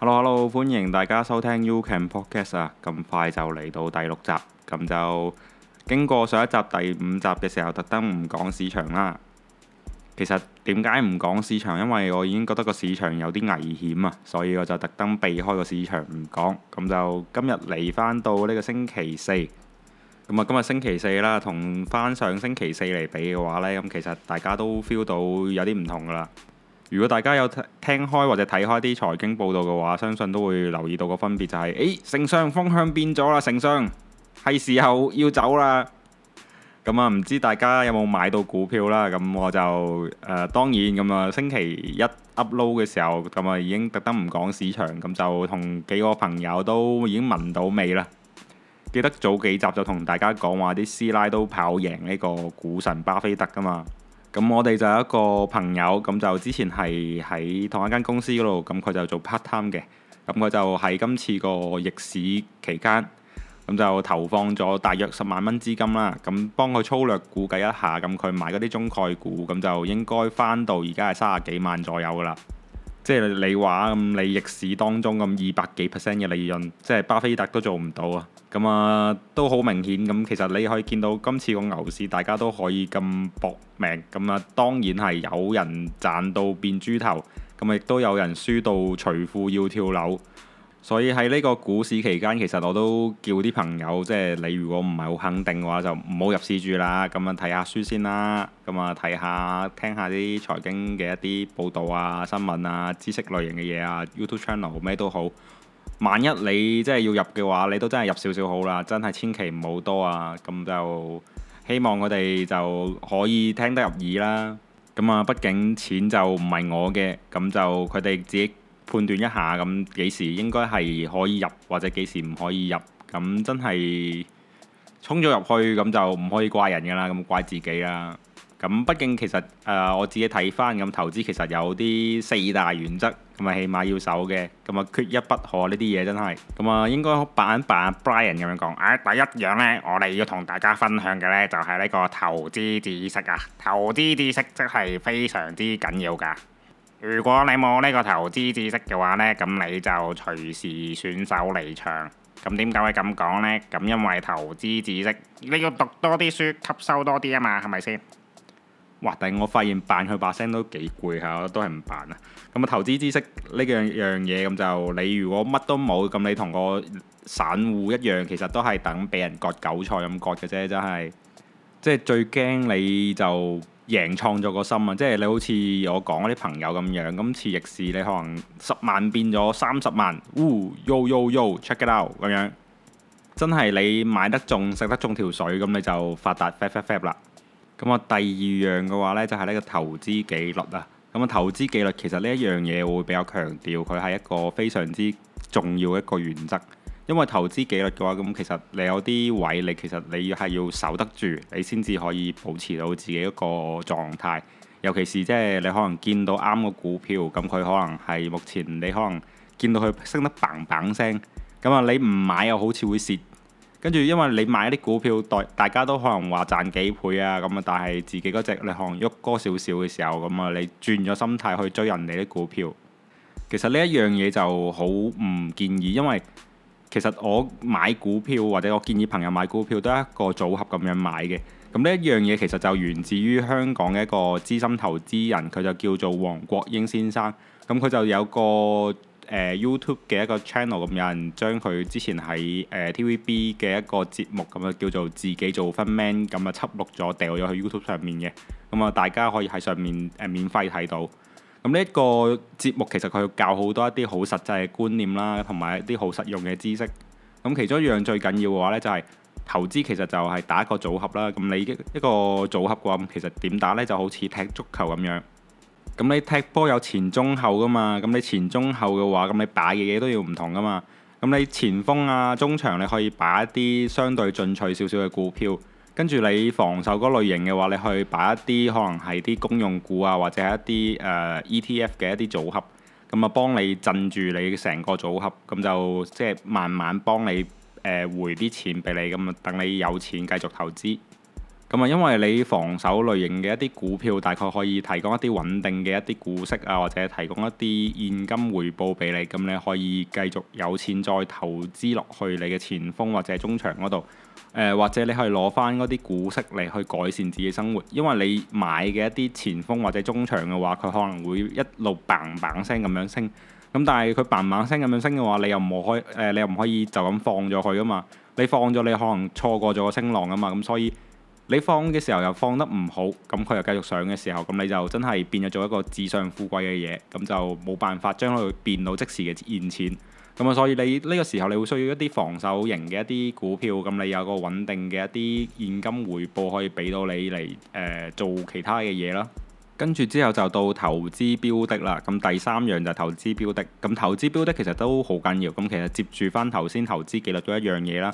hello hello，歡迎大家收聽 You Can Podcast 啊，咁快就嚟到第六集，咁就經過上一集第五集嘅時候，特登唔講市場啦。其實點解唔講市場？因為我已經覺得個市場有啲危險啊，所以我就特登避開個市場唔講。咁就今日嚟返到呢個星期四，咁啊今日星期四啦，同翻上星期四嚟比嘅話呢，咁其實大家都 feel 到有啲唔同噶啦。如果大家有聽開或者睇開啲財經報道嘅話，相信都會留意到個分別就係、是，誒，承商方向變咗啦，承商係時候要走啦。咁、嗯、啊，唔知大家有冇買到股票啦？咁、嗯、我就誒、呃、當然咁啊、嗯，星期一 upload 嘅時候，咁、嗯、啊已經特登唔講市場，咁、嗯、就同幾個朋友都已經聞到味啦。記得早幾集就同大家講話啲師奶都跑贏呢個股神巴菲特㗎嘛。咁我哋就有一個朋友，咁就之前係喺同一間公司嗰度，咁佢就做 part time 嘅，咁佢就喺今次個逆市期間，咁就投放咗大約十萬蚊資金啦，咁幫佢粗略估計一下，咁佢買嗰啲中概股，咁就應該翻到而家係三十幾萬左右噶啦。即係你話咁，你逆市當中咁二百幾 percent 嘅利潤，即係巴菲特都做唔到啊！咁啊，都好明顯咁。其實你可以見到今次個牛市，大家都可以咁搏命咁啊。當然係有人賺到變豬頭，咁亦都有人輸到除褲要跳樓。所以喺呢個股市期間，其實我都叫啲朋友，即係你如果唔係好肯定嘅話，就唔好入市住啦。咁啊，睇下書先啦。咁啊，睇下聽下啲財經嘅一啲報道啊、新聞啊、知識類型嘅嘢啊，YouTube channel 咩都好。萬一你真係要入嘅話，你都真係入少少好啦，真係千祈唔好多啊。咁就希望佢哋就可以聽得入耳啦。咁啊，畢竟錢就唔係我嘅，咁就佢哋自己。判斷一下咁幾時應該係可以入，或者幾時唔可以入，咁真係衝咗入去咁就唔可以怪人㗎喇，咁怪自己啦。咁畢竟其實誒、呃、我自己睇返咁投資其實有啲四大原則，咁啊起碼要守嘅，咁啊缺一不可呢啲嘢真係。咁啊應該白眼白眼 Brian 咁樣講，誒第一樣呢，我哋要同大家分享嘅呢，就係、是、呢個投資知識啊，投資知識真係非常之緊要㗎。如果你冇呢個投資知識嘅話呢，咁你就隨時選手離場。咁點解會咁講呢？咁因為投資知識你要讀多啲書，吸收多啲啊嘛，係咪先？哇！但係我發現扮佢把聲都幾攰下，都係唔扮啊。咁啊，投資知識呢樣樣嘢，咁就你如果乜都冇，咁你同個散戶一樣，其實都係等俾人割韭菜咁割嘅啫，真係。即係最驚你就。贏創作個心啊！即係你好似我講嗰啲朋友咁樣，今次逆市你可能十萬變咗三十萬，呼、哦、you yo yo, check it out 咁樣，真係你買得中，食得中條水，咁你就發達 fat fat fat 啦。咁啊，第二樣嘅話呢，就係呢個投資紀律啊。咁啊，投資紀律其實呢一樣嘢我會比較強調，佢係一個非常之重要一個原則。因為投資紀律嘅話，咁其實你有啲位，你其實你係要守得住，你先至可以保持到自己一個狀態。尤其是即係你可能見到啱嘅股票，咁佢可能係目前你可能見到佢升得嘭嘭聲，咁啊你唔買又好似會蝕。跟住因為你買啲股票，代大家都可能話賺幾倍啊，咁啊，但係自己嗰隻你可能喐多少少嘅時候，咁啊你轉咗心態去追人哋啲股票，其實呢一樣嘢就好唔建議，因為。其實我買股票或者我建議朋友買股票都係一個組合咁樣買嘅。咁呢一樣嘢其實就源自於香港嘅一個資深投資人，佢就叫做黃國英先生。咁佢就有個誒 YouTube 嘅一個 channel，咁有人將佢之前喺誒、呃、TVB 嘅一個節目咁啊叫做自己做 fund man 咁啊輯錄咗，掉咗去 YouTube 上面嘅。咁啊大家可以喺上面誒、呃、免費睇到。咁呢一個節目其實佢教好多一啲好實際嘅觀念啦，同埋一啲好實用嘅知識。咁其中一樣最緊要嘅話呢，就係，就係投資其實就係打一個組合啦。咁你一一個組合嘅話，其實點打呢？就好似踢足球咁樣。咁你踢波有前中後噶嘛？咁你前中後嘅話，咁你擺嘅嘢都要唔同噶嘛。咁你前鋒啊，中場你可以擺一啲相對進取少少嘅股票。跟住你防守嗰類型嘅話，你去擺一啲可能係啲公用股啊，或者一啲誒、呃、ETF 嘅一啲組合，咁啊幫你鎮住你成個組合，咁就即係、就是、慢慢幫你誒回啲錢俾你，咁啊等你有錢繼續投資。咁啊，因為你防守類型嘅一啲股票，大概可以提供一啲穩定嘅一啲股息啊，或者提供一啲現金回報俾你，咁你可以繼續有錢再投資落去你嘅前鋒或者中場嗰度。誒或者你去攞翻嗰啲股息嚟去改善自己生活，因為你買嘅一啲前鋒或者中場嘅話，佢可能會一路 bang bang 聲咁樣升，咁但係佢 bang bang 聲咁樣升嘅話，你又唔可以誒，你又唔可以就咁放咗佢噶嘛，你放咗你可能錯過咗個升浪噶嘛，咁所以你放嘅時候又放得唔好，咁佢又繼續上嘅時候，咁你就真係變咗做一個紙上富貴嘅嘢，咁就冇辦法將佢變到即時嘅現錢。咁啊，所以你呢個時候你會需要一啲防守型嘅一啲股票，咁你有個穩定嘅一啲現金回報可以俾到你嚟誒、呃、做其他嘅嘢啦。跟住之後就到投資標的啦。咁第三樣就係投資標的。咁投資標的其實都好緊要。咁其實接住翻頭先投資記錄咗一樣嘢啦，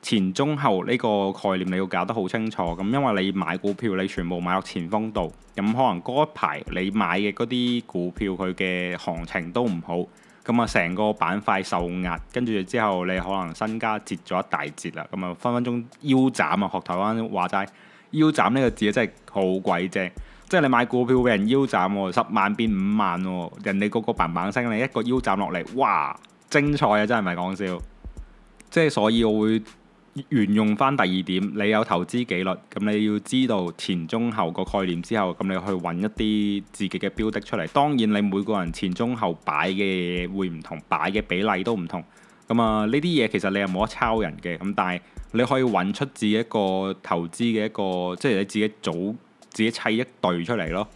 前中後呢個概念你要搞得好清楚。咁因為你買股票，你全部買落前鋒度，咁可能嗰一排你買嘅嗰啲股票佢嘅行情都唔好。咁啊，成個板塊受壓，跟住之後你可能身家跌咗一大截啦，咁啊分分鐘腰斬啊！學台灣話齋，腰斬呢個字真係好鬼正，即係你買股票俾人腰斬，十萬變五萬，人哋個個棒棒聲，你一個腰斬落嚟，哇精彩啊！真係唔係講笑，即係所以我會。沿用翻第二點，你有投資紀律，咁你要知道前中後個概念之後，咁你去揾一啲自己嘅標的出嚟。當然你每個人前中後擺嘅嘢會唔同，擺嘅比例都唔同。咁啊，呢啲嘢其實你又冇得抄人嘅，咁但係你可以揾出自己一個投資嘅一個，即係你自己組自己砌一隊出嚟咯。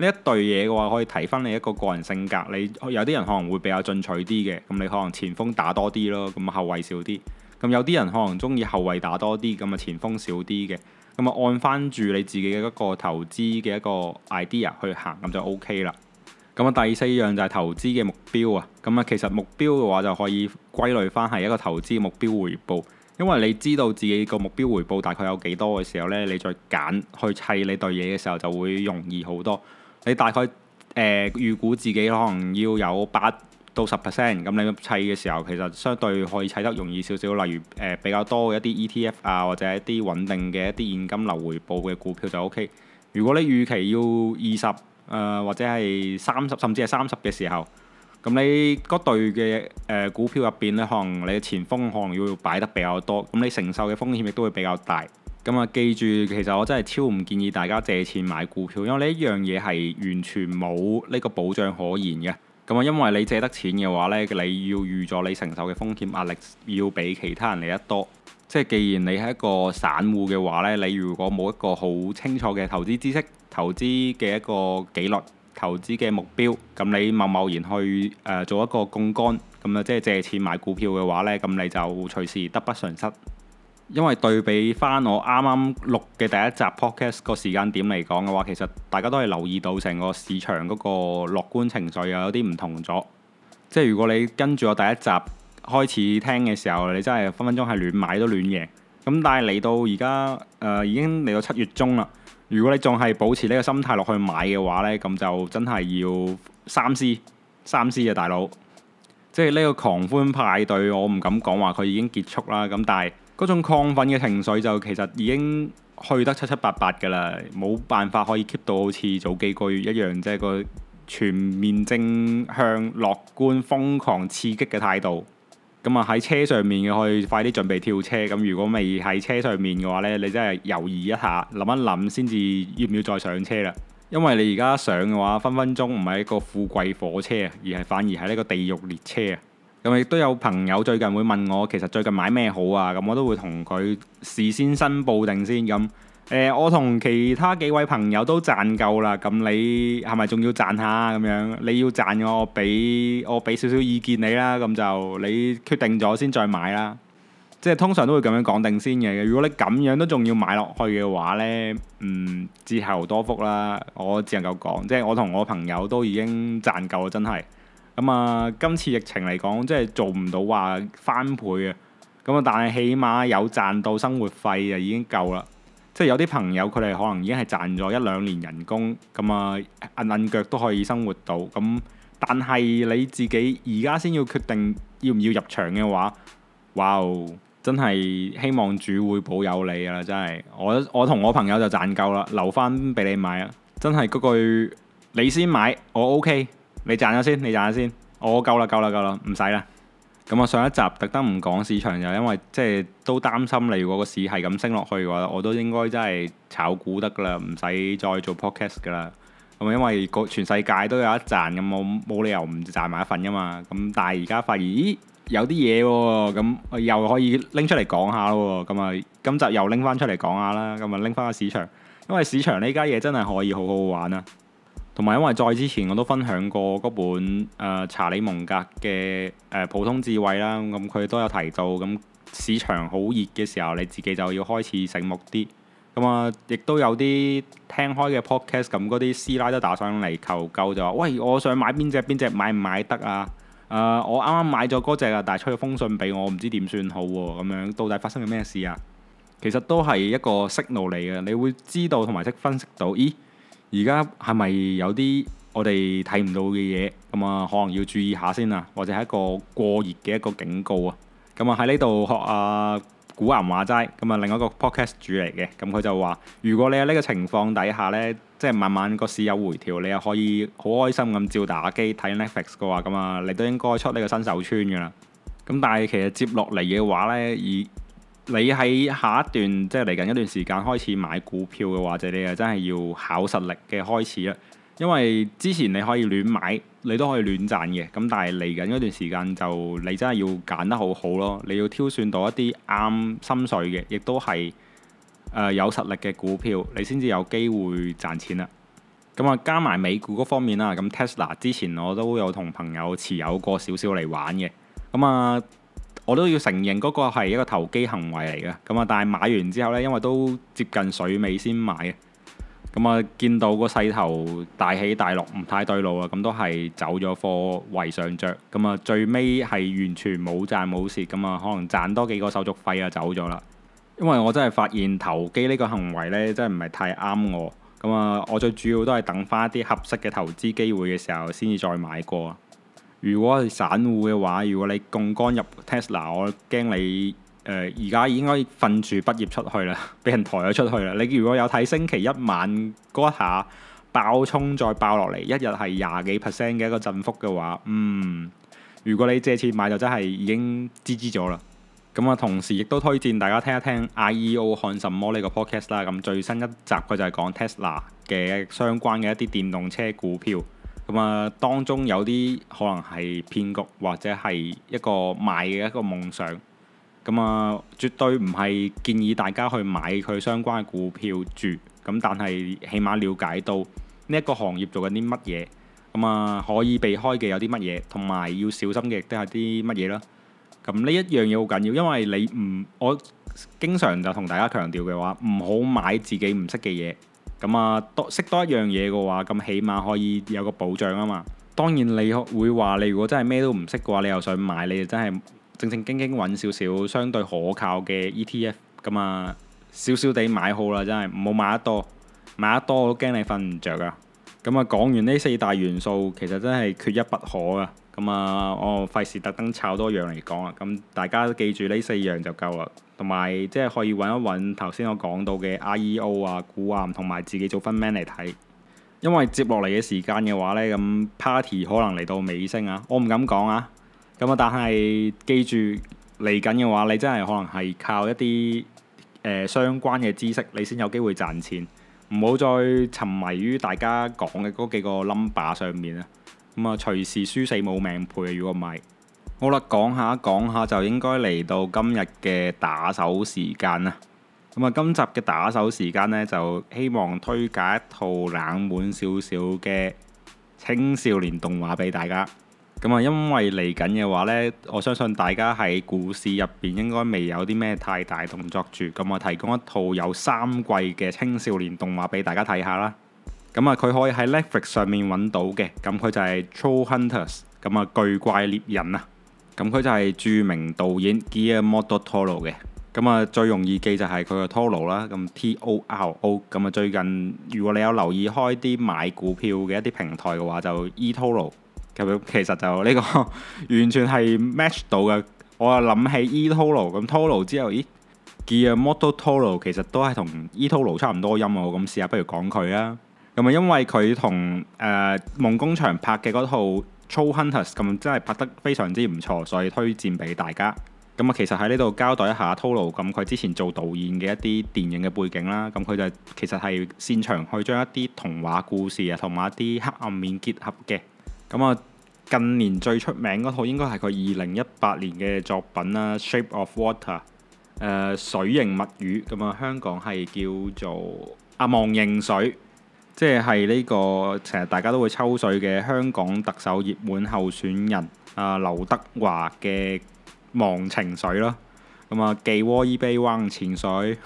呢一隊嘢嘅話，可以提翻你一個個人性格。你有啲人可能會比較進取啲嘅，咁你可能前鋒打多啲咯，咁後衞少啲。咁有啲人可能中意後衞打多啲，咁啊前鋒少啲嘅，咁啊按翻住你自己嘅一個投資嘅一個 idea 去行，咁就 OK 啦。咁啊第四樣就係投資嘅目標啊。咁啊其實目標嘅話就可以歸類翻係一個投資目標回報，因為你知道自己個目標回報大概有幾多嘅時候呢，你再揀去砌你對嘢嘅時候就會容易好多。你大概誒呃、預估自己可能要有八到十 percent，咁你砌嘅時候其實相對可以砌得容易少少。例如誒、呃、比較多嘅一啲 ETF 啊，或者一啲穩定嘅一啲現金流回報嘅股票就 OK。如果你預期要二十誒或者係三十甚至係三十嘅時候，咁你嗰隊嘅誒、呃、股票入邊咧，可能你嘅前鋒可能要擺得比較多，咁你承受嘅風險亦都會比較大。咁啊，記住，其實我真係超唔建議大家借錢買股票，因為呢一樣嘢係完全冇呢個保障可言嘅。咁啊，因為你借得錢嘅話咧，你要預咗你承受嘅風險壓力要比其他人嚟得多。即係既然你係一個散戶嘅話咧，你如果冇一個好清楚嘅投資知識、投資嘅一個紀律、投資嘅目標，咁你貿貿然去誒、呃、做一個槓桿，咁啊即係借錢買股票嘅話咧，咁你就隨時得不償失。因為對比翻我啱啱錄嘅第一集 Podcast 個時間點嚟講嘅話，其實大家都係留意到成個市場嗰個樂觀情緒又有啲唔同咗。即係如果你跟住我第一集開始聽嘅時候，你真係分分鐘係亂買都亂贏。咁但係嚟到而家誒已經嚟到七月中啦。如果你仲係保持呢個心態落去買嘅話呢，咁就真係要三思三思啊，大佬！即係呢個狂歡派對我，我唔敢講話佢已經結束啦。咁但係，嗰種亢奮嘅情緒就其實已經去得七七八八㗎啦，冇辦法可以 keep 到好似早幾個月一樣，即係個全面正向、樂觀、瘋狂、刺激嘅態度。咁啊喺車上面嘅可以快啲準備跳車，咁如果未喺車上面嘅話呢，你真係猶豫一下，諗一諗先至要唔要再上車啦。因為你而家上嘅話，分分鐘唔係一個富貴火車啊，而係反而係一個地獄列車啊！咁亦都有朋友最近會問我，其實最近買咩好啊？咁我都會同佢事先申報定先。咁誒、欸，我同其他幾位朋友都賺夠啦。咁你係咪仲要賺下咁樣？你要賺嘅，我俾我俾少少意見你啦。咁就你決定咗先再買啦。即係通常都會咁樣講定先嘅。如果你咁樣都仲要買落去嘅話呢，嗯，之後多福啦。我只能夠講，即係我同我朋友都已經賺夠，真係。咁啊、嗯，今次疫情嚟講，即係做唔到話翻倍嘅。咁、嗯、啊，但係起碼有賺到生活費就已經夠啦。即係有啲朋友佢哋可能已經係賺咗一兩年人工，咁、嗯、啊，摁摁腳都可以生活到。咁、嗯、但係你自己而家先要決定要唔要入場嘅話，哇！真係希望主會保佑你啦，真係。我我同我朋友就賺夠啦，留翻俾你買啊！真係嗰句，你先買，我 OK。你賺咗先，你賺咗先，我、哦、夠啦夠啦夠啦，唔使啦。咁我上一集特登唔講市場，就因為即係都擔心，你果個市係咁升落去嘅話，我都應該真係炒股得噶啦，唔使再做 podcast 噶啦。咁因為個全世界都有一賺，咁我冇理由唔賺埋一份噶嘛。咁但係而家發現，咦，有啲嘢喎，咁又可以拎出嚟講下咯。咁啊，今集又拎翻出嚟講下啦。咁啊，拎翻個市場，因為市場呢家嘢真係可以好好玩啊！同埋，因為再之前我都分享過嗰本誒、呃、查理蒙格嘅誒、呃、普通智慧啦，咁、啊、佢都有提到，咁、啊、市場好熱嘅時候，你自己就要開始醒目啲。咁啊，亦、啊、都有啲聽開嘅 Podcast，咁、啊、嗰啲師奶都打上嚟求救，就話：喂，我想買邊隻邊隻，買唔買得啊？誒、啊，我啱啱買咗嗰隻啊。啊」但係出咗封信俾我，唔知點算好喎。咁樣到底發生咗咩事啊？其實都係一個訊號嚟嘅，你會知道同埋識分析到，咦？而家係咪有啲我哋睇唔到嘅嘢咁啊？可能要注意下先啊，或者係一個過熱嘅一個警告啊。咁啊喺呢度學啊，古岩話齋，咁啊另一個 podcast 主嚟嘅，咁佢就話：如果你喺呢個情況底下呢，即係慢慢個市有回調，你又可以好開心咁照打機睇 Netflix 嘅話，咁啊你都應該出呢個新手村噶啦。咁但係其實接落嚟嘅話呢，以你喺下一段即係嚟緊一段時間開始買股票嘅話，就你係真係要考實力嘅開始啦。因為之前你可以亂買，你都可以亂賺嘅。咁但係嚟緊一段時間就你真係要揀得好好咯。你要挑選到一啲啱心水嘅，亦都係誒有實力嘅股票，你先至有機會賺錢啦。咁啊，加埋美股嗰方面啦。咁 Tesla 之前我都有同朋友持有過少少嚟玩嘅。咁、嗯、啊。我都要承認嗰個係一個投機行為嚟嘅，咁啊，但係買完之後呢，因為都接近水尾先買嘅，咁啊、嗯，見到個勢頭大起大落，唔太對路啊，咁、嗯、都係走咗貨為上着。咁、嗯、啊，最尾係完全冇賺冇蝕，咁、嗯、啊，可能賺多幾個手續費啊走咗啦。因為我真係發現投機呢個行為呢，真係唔係太啱我，咁、嗯、啊，我最主要都係等翻啲合適嘅投資機會嘅時候先至再買過。如果係散戶嘅話，如果你槓桿入 Tesla，我驚你誒而家應該瞓住畢業出去啦，俾人抬咗出去啦。你如果有睇星期一晚嗰下爆衝再爆落嚟，一日係廿幾 percent 嘅一個振幅嘅話，嗯，如果你借錢買就真係已經 GG 咗啦。咁、嗯、啊，同時亦都推薦大家聽一聽《IEO 看什麼》呢個 podcast 啦。咁最新一集佢就係講 Tesla 嘅相關嘅一啲電動車股票。咁啊，當中有啲可能係騙局，或者係一個買嘅一個夢想。咁啊，絕對唔係建議大家去買佢相關嘅股票住。咁但係起碼了解到呢一個行業做緊啲乜嘢，咁啊可以避開嘅有啲乜嘢，同埋要小心嘅都係啲乜嘢啦。咁呢一樣嘢好緊要，因為你唔我經常就同大家強調嘅話，唔好買自己唔識嘅嘢。咁啊、嗯，多識多一樣嘢嘅話，咁起碼可以有個保障啊嘛。當然你會話你如果真係咩都唔識嘅話，你又想買，你就真係正正經經揾少，少少相對可靠嘅 ETF 咁、嗯、啊，少少地買好啦，真係唔好買得多，買得多我都驚你瞓唔着㗎。咁啊，講完呢四大元素，其實真係缺一不可啊。咁啊，我費事特登炒多樣嚟講啊。咁大家都記住呢四樣就夠啦。同埋即係可以揾一揾頭先我講到嘅 IEO 啊、股啊，同埋自己做分 Men 嚟睇。因為接落嚟嘅時間嘅話呢，咁 party 可能嚟到尾聲啊，我唔敢講啊。咁啊，但係記住嚟緊嘅話，你真係可能係靠一啲誒、呃、相關嘅知識，你先有機會賺錢。唔好再沉迷於大家講嘅嗰幾個 number 上面啊，咁啊，隨時輸死冇命配。如果唔係，好啦，講下講下就應該嚟到今日嘅打手時間啦。咁啊，今集嘅打手時間呢，就希望推介一套冷門少少嘅青少年動畫俾大家。咁啊，因為嚟緊嘅話呢，我相信大家喺股市入邊應該未有啲咩太大動作住。咁啊，提供一套有三季嘅青少年動畫俾大家睇下啦。咁啊，佢可以喺 Netflix 上面揾到嘅。咁佢就係《Troll Hunters》。咁啊，《巨怪獵人》啊。咁佢就係著名導演 Guillermo del Toro 嘅。咁啊，最容易記就係佢個 Toro 啦。咁 T O R O。咁啊，o, 最近如果你有留意開啲買股票嘅一啲平台嘅話，就 eToro 其實就呢個完全係 match 到嘅。我又諗起 Del Toro 咁 Toro 之後，咦，嘅 Model Toro 其實都係同 Del Toro 差唔多音喎。咁試下不如講佢啦。咁啊，因為佢同誒夢工場拍嘅嗰套《Troll Hunters》咁真係拍得非常之唔錯，所以推薦俾大家。咁啊，其實喺呢度交代一下 Del Toro 咁佢之前做導演嘅一啲電影嘅背景啦。咁佢就其實係擅長去將一啲童話故事啊同埋一啲黑暗面結合嘅。咁啊～近年最出名嗰套應該係佢二零一八年嘅作品啦，《Shape of Water》誒、呃、水形物語，咁、嗯、啊香港係叫做《阿、啊、忘形水》即這個，即係呢個成日大家都會抽水嘅香港特首熱門候選人啊、呃、劉德華嘅《忘情水》咯、嗯，咁啊寄鍋一杯忘情水，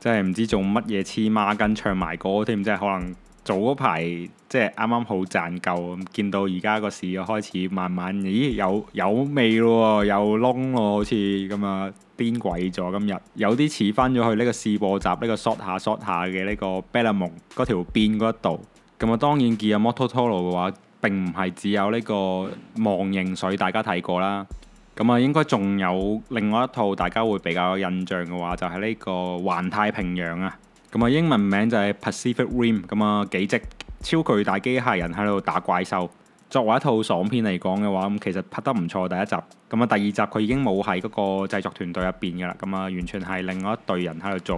即係唔知做乜嘢黐孖筋唱埋歌添，即係可能。早排即係啱啱好賺夠，見到而家個市又開始慢慢，咦有有味咯，有窿咯，好似咁啊，癲鬼咗今日，有啲似翻咗去呢個試播集，呢個 shot 下 shot 下嘅呢個 Bellamont 嗰條邊嗰一度。咁啊，當然見啊 Mototolo 嘅話，並唔係只有呢個忘形水大家睇過啦，咁啊應該仲有另外一套大家會比較有印象嘅話，就係呢個環太平洋啊。咁啊，英文名就係 Pacific Rim，咁啊，幾隻超巨大機械人喺度打怪獸。作為一套爽片嚟講嘅話，咁其實拍得唔錯。第一集，咁啊，第二集佢已經冇喺嗰個製作團隊入邊嘅啦，咁啊，完全係另外一隊人喺度做。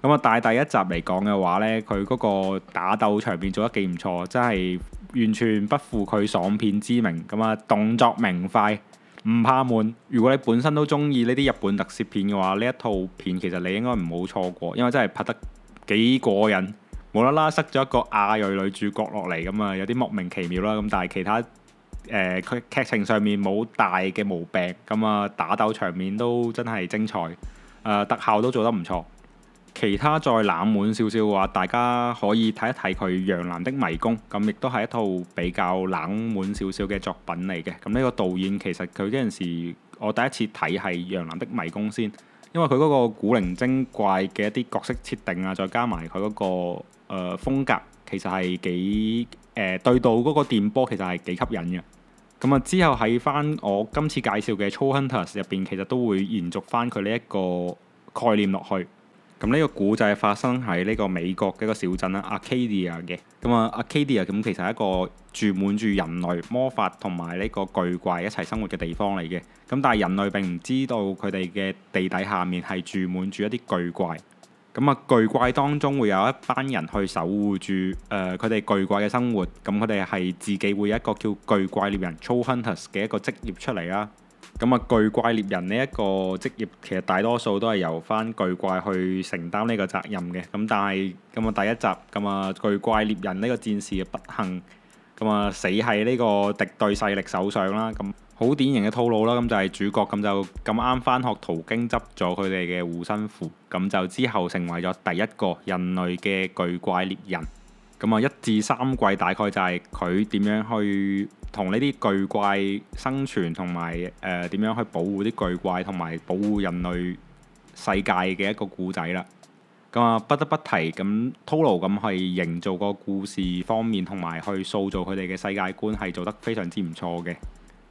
咁啊，但係第一集嚟講嘅話呢，佢嗰個打鬥場面做得幾唔錯，真係完全不負佢爽片之名。咁啊，動作明快，唔怕悶。如果你本身都中意呢啲日本特攝片嘅話，呢一套片其實你應該唔好錯過，因為真係拍得幾過癮，無啦啦塞咗一個亞裔女主角落嚟，咁啊，有啲莫名其妙啦。咁但係其他誒劇、呃、劇情上面冇大嘅毛病，咁啊，打鬥場面都真係精彩，呃、特效都做得唔錯。其他再冷門少少嘅話，大家可以睇一睇佢《羊男的迷宮》，咁亦都係一套比較冷門少少嘅作品嚟嘅。咁呢個導演其實佢嗰陣時，我第一次睇係《羊男的迷宮》先。因為佢嗰個古靈精怪嘅一啲角色設定啊，再加埋佢嗰個誒、呃、風格，其實係幾誒對到嗰個電波，其實係幾吸引嘅。咁啊，之後喺翻我今次介紹嘅《Troll Hunters》入邊，其實都會延續翻佢呢一個概念落去。咁呢個古仔發生喺呢個美國嘅一個小鎮啦，Arcadia 嘅。咁啊，Arcadia 咁其實係一個住滿住人類、魔法同埋呢個巨怪一齊生活嘅地方嚟嘅。咁但係人類並唔知道佢哋嘅地底下面係住滿住一啲巨怪。咁啊，巨怪當中會有一班人去守護住誒佢哋巨怪嘅生活。咁佢哋係自己會一個叫巨怪獵人 （Chow Hunters） 嘅一個職業出嚟啦。咁啊，巨怪獵人呢一個職業，其實大多數都係由翻巨怪去承擔呢個責任嘅。咁但係咁啊，第一集咁啊，巨怪獵人呢個戰士嘅不幸，咁啊死喺呢個敵對勢力手上啦。咁好典型嘅套路啦。咁就係主角咁就咁啱翻學途經執咗佢哋嘅護身符，咁就之後成為咗第一個人類嘅巨怪獵人。咁啊，一至三季大概就係佢點樣去同呢啲巨怪生存，同埋誒點樣去保護啲巨怪，同埋保護人類世界嘅一個故仔啦。咁啊，不得不提咁套路咁去營造個故事方面，同埋去塑造佢哋嘅世界觀，係做得非常之唔錯嘅。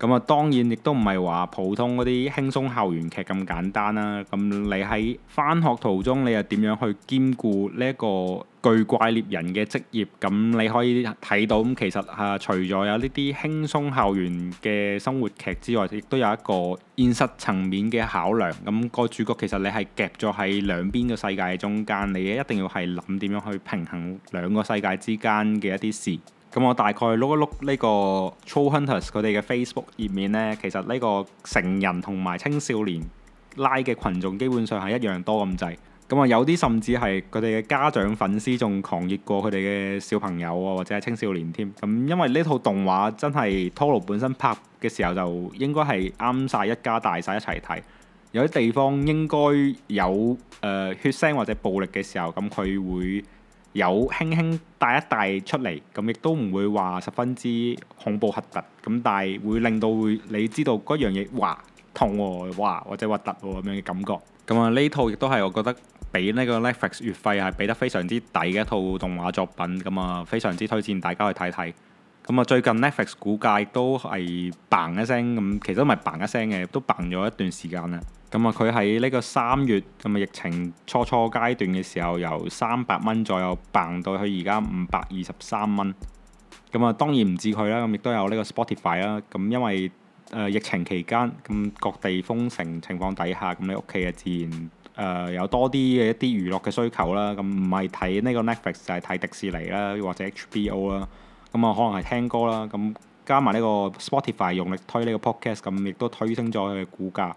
咁啊，當然亦都唔係話普通嗰啲輕鬆校園劇咁簡單啦。咁你喺翻學途中，你又點樣去兼顧呢一個巨怪獵人嘅職業？咁你可以睇到，咁其實啊，除咗有呢啲輕鬆校園嘅生活劇之外，亦都有一個現實層面嘅考量。咁個主角其實你係夾咗喺兩邊嘅世界中間，你一定要係諗點樣去平衡兩個世界之間嘅一啲事。咁我大概碌一碌呢個 Troll Hunters 佢哋嘅 Facebook 頁面呢。其實呢個成人同埋青少年拉嘅群眾基本上係一樣多咁滯。咁啊，有啲甚至係佢哋嘅家長粉絲仲狂熱過佢哋嘅小朋友啊，或者係青少年添。咁因為呢套動畫真係 Toro 本身拍嘅時候就應該係啱晒一家大細一齊睇。有啲地方應該有誒、呃、血腥或者暴力嘅時候，咁佢會。有輕輕帶一帶出嚟，咁亦都唔會話十分之恐怖核突，咁但係會令到會你知道嗰樣嘢，哇痛喎、哦，哇或者核突喎咁樣嘅感覺。咁啊，呢套亦都係我覺得比呢個 Netflix 月費係俾得非常之抵嘅一套動畫作品，咁啊非常之推薦大家去睇睇。咁啊，最近 Netflix 股價亦都係 bang 一聲，咁其實都唔係 bang 一聲嘅，都 bang 咗一段時間啦。咁啊！佢喺呢個三月咁啊，疫情初初階段嘅時候，由三百蚊左右掹到去而家五百二十三蚊。咁啊，當然唔止佢啦，咁亦都有呢個 Spotify 啦。咁因為誒疫情期間咁各地封城情況底下，咁你屋企嘅自然誒有多啲嘅一啲娛樂嘅需求啦。咁唔係睇呢個 Netflix 就係睇迪士尼啦，或者 HBO 啦。咁啊，可能係聽歌啦。咁加埋呢個 Spotify 用力推呢個 podcast，咁亦都推升咗佢嘅股價。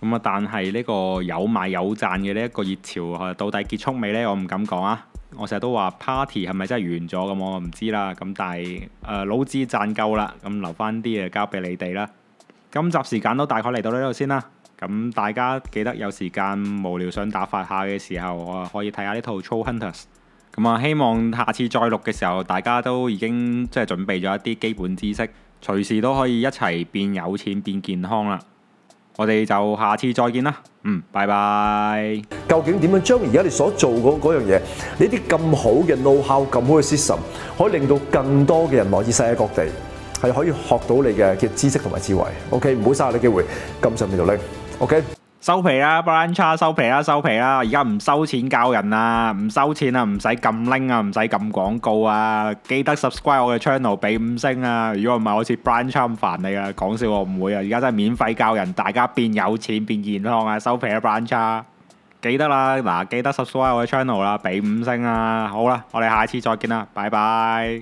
咁啊，但係呢個有買有賺嘅呢一個熱潮到底結束未呢？我唔敢講啊。我成日都話 party 係咪真係完咗咁？我唔知啦。咁但係誒、呃，老子賺夠啦，咁留翻啲嘢交俾你哋啦。今集時間都大概嚟到呢度先啦。咁大家記得有時間無聊想打發下嘅時候，我可以睇下呢套《Chow Hunters》。咁啊，希望下次再錄嘅時候，大家都已經即係準備咗一啲基本知識，隨時都可以一齊變有錢變健康啦。我哋就下次再見啦，嗯，拜拜。究竟點樣將而家你所做嗰嗰樣嘢，呢啲咁好嘅 know-how、咁好嘅 system，可以令到更多嘅人，來自世界各地，係可以學到你嘅嘅知識同埋智慧。OK，唔好嘥你機會，撳上邊度拎。OK。收皮啦 Brian Cha 收皮啦，收皮啦！而家唔收錢教人啦，啊，唔收錢啊，唔使撳拎啊，唔使撳廣告啊！記得 subscribe 我嘅 channel 俾五星啊！如果唔係好似 Brian Cha 咁煩你啊！講笑我唔會啊！而家真係免費教人，大家變有錢變健康啊！收皮啦 Brian Cha！記得啦，嗱，記得 subscribe 我嘅 channel 啦，俾五星啊！好啦，我哋下次再見啦，拜拜。